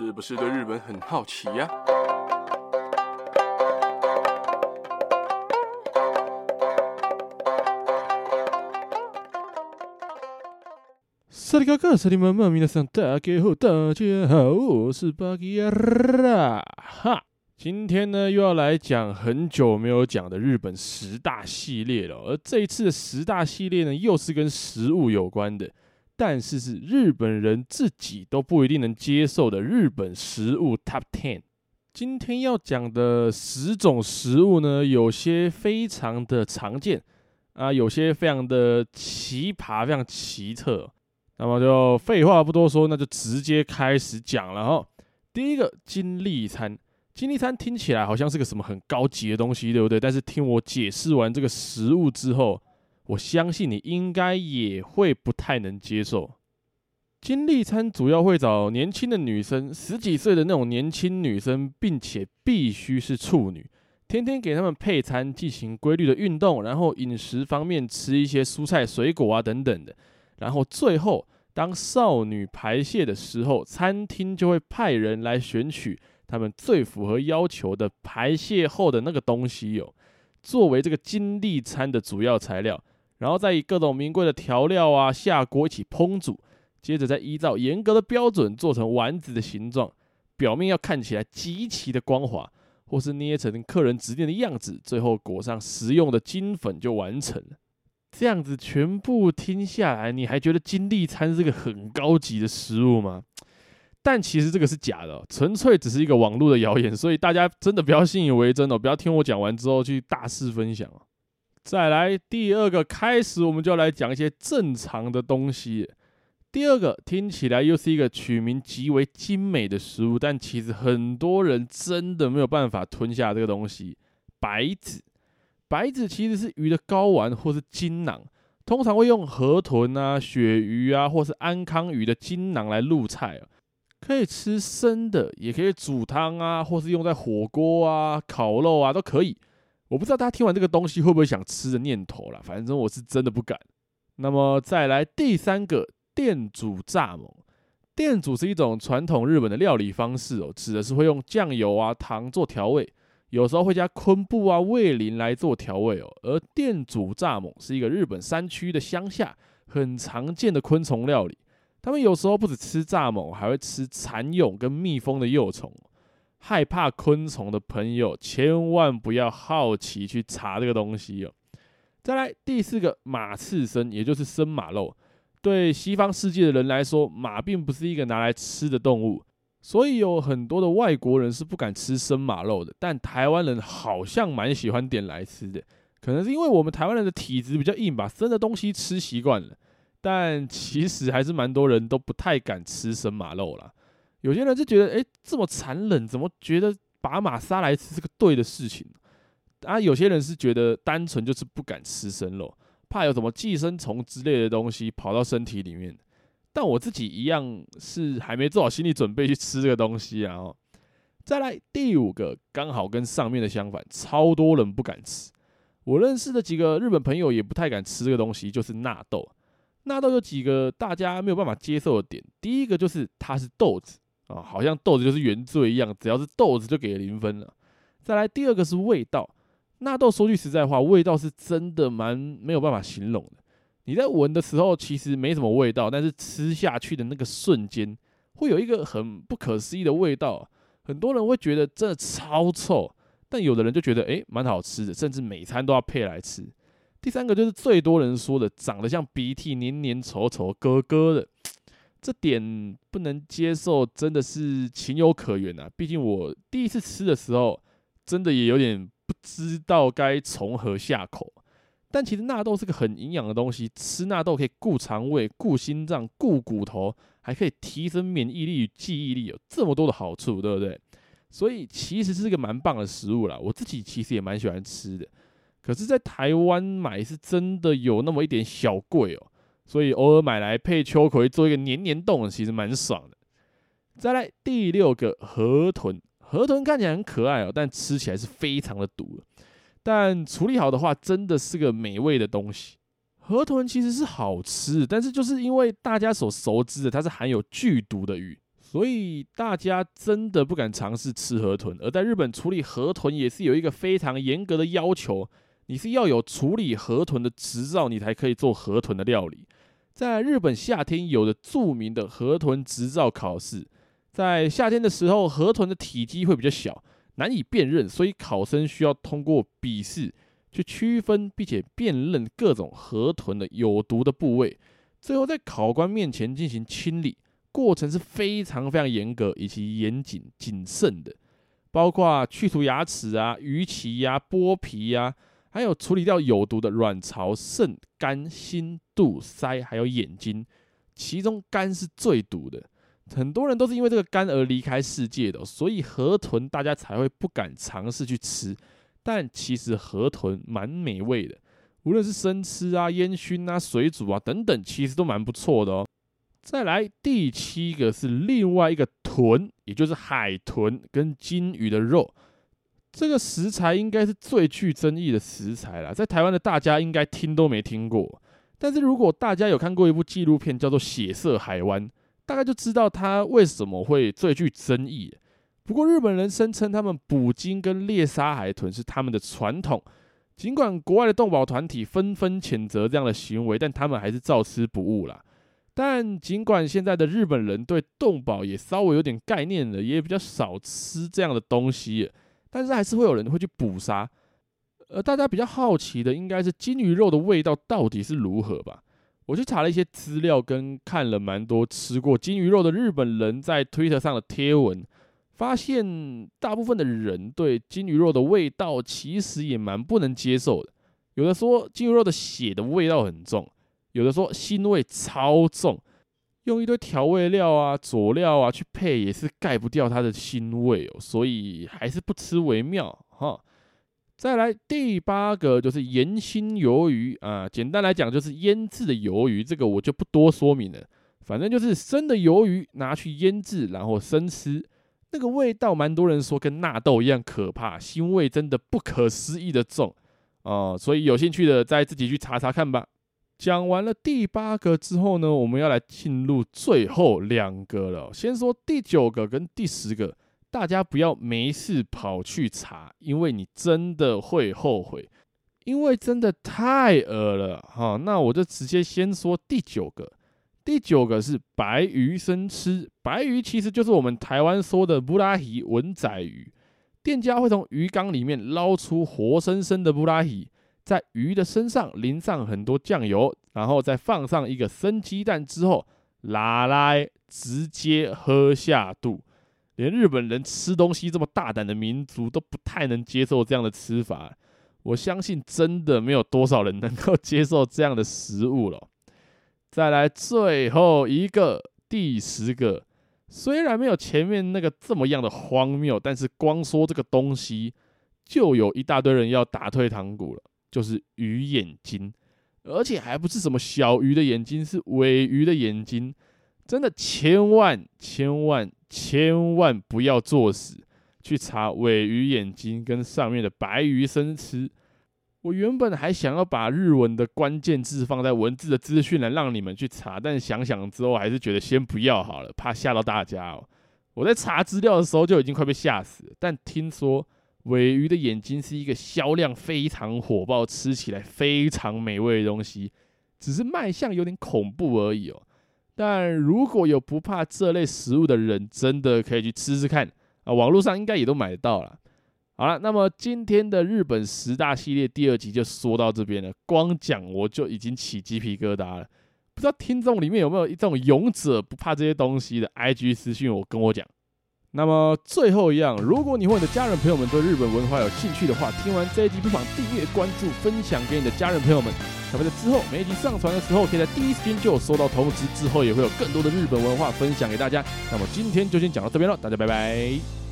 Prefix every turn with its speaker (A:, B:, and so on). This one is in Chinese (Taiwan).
A: 是不是對日本很好奇呀？啊！哈！今天呢，又要來講很久沒有講的日本十大系列了哦。而這一次的十大系列呢，又是跟食物有關的。但是是日本人自己都不一定能接受的日本食物 Top Ten。今天要講的十種食物呢，有些非常的常見，啊，有些非常的奇葩，非常奇特。那麼就廢話不多說，那就直接開始講了哦。第一個金利餐，金利餐聽起來好像是個什麼很高級的東西，對不對？但是聽我解釋完這個食物之後。我相信你應該也會不太能接受。精力餐，主要會找年輕的女生，十幾歲的那種年輕女生，並且必須是處女，天天給他們配餐，進行規律的運動，然後飲食方面吃一些蔬菜、水果啊等等的，然後最後當少女排泄的時候，餐廳就會派人來選取他們最符合要求的排泄後的那個東西，有作為這個精力餐的主要材料。然後再以各種名貴的調料啊下鍋一起烹煮，接着再依照嚴格的標準做成丸子的形狀，表面要看起來極其的光滑，或是捏成客人指定的樣子，最後裹上食用的金粉就完成了。這樣子全部聽下來，你還覺得金立餐是個很高級的食物嗎？但其實這個是假的哦，純粹只是一個網絡的謠言，所以大家真的不要信以為真哦，不要聽我講完之後去大肆分享哦。再來第二個開始，我們就要來講一些正常的東西。第二個聽起來又是一個取名極為精美的食物，但其實很多人真的沒有辦法吞下這個東西。白子，白子其實是魚的睾丸或是精囊，通常會用河豚啊、鱈魚啊，或是安康魚的精囊來入菜啊。可以吃生的，也可以煮湯啊，或是用在火鍋啊、烤肉啊都可以。我不知道大家聽完這個東西會不會想吃的念頭啦，反正我是真的不敢。那麼再來第三個，佃煮蚱蜢。佃煮是一種傳統日本的料理方式哦，指的是會用醬油啊、糖做調味，有時候會加昆布啊、味淋來做調味哦。而佃煮蚱蜢是一個日本山區的鄉下很常見的昆蟲料理，他們有時候不止吃蚱蜢，還會吃蠶蛹跟蜜蜂的幼蟲。害怕昆蟲的朋友，千萬不要好奇去查這個東西哦。再來，第四個馬刺身，也就是生馬肉。對西方世界的人來說，馬並不是一個拿來吃的動物，所以有很多的外國人是不敢吃生馬肉的。但台灣人好像蠻喜歡點來吃的，可能是因為我們台灣人的體質比較硬吧，生的東西吃習慣了。但其實還是蠻多人都不太敢吃生馬肉啦。有些人就覺得，哎、欸，這麼殘忍，怎麼覺得把馬殺來吃是個對的事情啊？啊，有些人是覺得單純就是不敢吃生肉，怕有什麼寄生蟲之類的東西跑到身體裡面。但我自己一樣是還沒做好心理準備去吃這個東西。然後，再來第五個，剛好跟上面的相反，超多人不敢吃。我認識的幾個日本朋友也不太敢吃這個東西，就是納豆。納豆有幾個大家沒有辦法接受的點，第一個就是它是豆子。啊，好像豆子就是原罪一樣，只要是豆子就給零分了啊。再來第二個是味道，納豆說句實在話，味道是真的蠻沒有辦法形容的。你在聞的時候其實沒什麼味道，但是吃下去的那個瞬間會有一個很不可思議的味道。很多人會覺得真的超臭，但有的人就覺得誒蠻、欸、好吃的，甚至每餐都要配來吃。第三個就是最多人說的，長得像鼻涕，黏黏稠稠，疙疙的。這點不能接受，真的是情有可原啊。畢竟我第一次吃的時候，真的也有點不知道該從何下口。但其實納豆是個很營養的東西，吃納豆可以顧腸胃、顧心臟、顧骨頭，還可以提升免疫力與記憶力哦，有這麼多的好處，對不對？所以其實是一個蠻棒的食物啦。我自己其實也蠻喜歡吃的，可是，在台灣買是真的有那麼一點小貴哦。所以偶爾買來配秋葵做一個黏黏凍，其實蠻爽的。再來第六個河豚，河豚看起來很可愛哦、喔，但吃起來是非常的毒。但處理好的話，真的是個美味的東西。河豚其實是好吃，但是就是因為大家所熟知的它是含有劇毒的魚，所以大家真的不敢嘗試吃河豚。而在日本處理河豚也是有一個非常嚴格的要求，你是要有處理河豚的執照，你才可以做河豚的料理。在日本夏天，有着著名的河豚執照考試。在夏天的時候，河豚的體積會比較小，難以辨認，所以考生需要通過筆試去區分，並且辨認各種河豚的有毒的部位。最後，在考官面前進行清理，過程是非常非常嚴格以及嚴謹、謹慎的，包括去除牙齒啊、魚鰭呀、啊、剝皮呀、啊。還有處理掉有毒的卵巢、腎、肝、心、肚、腮，還有眼睛，其中肝是最毒的，很多人都是因為這個肝而離開世界的，所以河豚大家才會不敢嘗試去吃。但其實河豚蠻美味的，無論是生吃啊、煙燻啊、水煮啊等等，其實都蠻不錯的哦、喔。再來第七個是另外一個豚，也就是海豚跟鯨魚的肉。這個食材應該是最具爭議的食材啦，在台灣的大家應該聽都沒聽過，但是如果大家有看過一部紀錄片叫做《血色海灣》，大概就知道它為什麼會最具爭議。不過日本人聲稱他們捕鯨跟獵殺海豚是他們的傳統，儘管國外的動保團體紛紛譴責、責這樣的行為，但他們還是照吃不誤啦。但儘管現在的日本人對動保也稍微有點概念了，也比較少吃這樣的東西。但是還是會有人會去捕殺，呃，大家比較好奇的應該是鯨魚肉的味道到底是如何吧？我去查了一些資料，跟看了蠻多吃過鯨魚肉的日本人在 Twitter 上的貼文，發現大部分的人對鯨魚肉的味道其實也蠻不能接受的。有的說鯨魚肉的血的味道很重，有的說腥味超重。用一堆調味料啊、佐料啊去配也是蓋不掉它的腥味哦，所以還是不吃為妙哈。再來第八個就是鹽辛魷魚啊、呃，簡單來講就是醃制的魷魚，這個我就不多說明了，反正就是生的魷魚拿去醃制，然後生吃，那個味道蠻多人說跟納豆一樣可怕，腥味真的不可思議的重哦、呃，所以有興趣的再自己去查查看吧。講完了第八個之後呢，我們要來進入最後兩個了哦。先說第九個跟第十個，大家不要沒事跑去查，因為你真的會後悔，因為真的太噁了哈。那我就直接先說第九個，第九個是白魚生吃，白魚其實就是我們台灣說的布拉魚、吻仔魚，店家會從魚缸裡面撈出活生生的布拉魚。在魚的身上淋上很多醬油，然後再放上一個生雞蛋之後，拿來直接喝下肚。連日本人吃東西這麼大膽的民族都不太能接受這樣的吃法，我相信真的沒有多少人能夠接受這樣的食物了。再來最後一個，第十個，雖然沒有前面那個這麼樣的荒謬，但是光說這個東西，就有一大堆人要打退堂鼓了。就是魚眼睛，而且還不是什麼小魚的眼睛，是鮪魚的眼睛。真的千萬，千萬千萬千萬不要作死去查鮪魚眼睛跟上面的白魚生吃。我原本還想要把日文的關鍵字放在文字的資訊欄讓你們去查，但想想之後還是覺得先不要好了，怕嚇到大家哦。我在查資料的時候就已經快被嚇死了，但聽說。鮪魚的眼睛是一個銷量非常火爆、吃起來非常美味的東西，只是賣相有點恐怖而已哦。但如果有不怕這類食物的人，真的可以去吃吃看啊！網絡上應該也都買得到了。好了，那麼今天的日本十大系列第二集就說到這邊了。光講我就已經起雞皮疙瘩了，不知道聽眾裡面有沒有一種勇者不怕這些東西的？IG 私訊我跟我講。那麼最後一樣，如果你或你的家人朋友們對日本文化有興趣的話，聽完這一集不妨訂閱、關注、分享給你的家人朋友們。那麼在之後每一集上傳的時候，可以在第一時間就收到通知。之後也會有更多的日本文化分享給大家。那麼今天就先講到這邊了，大家拜拜。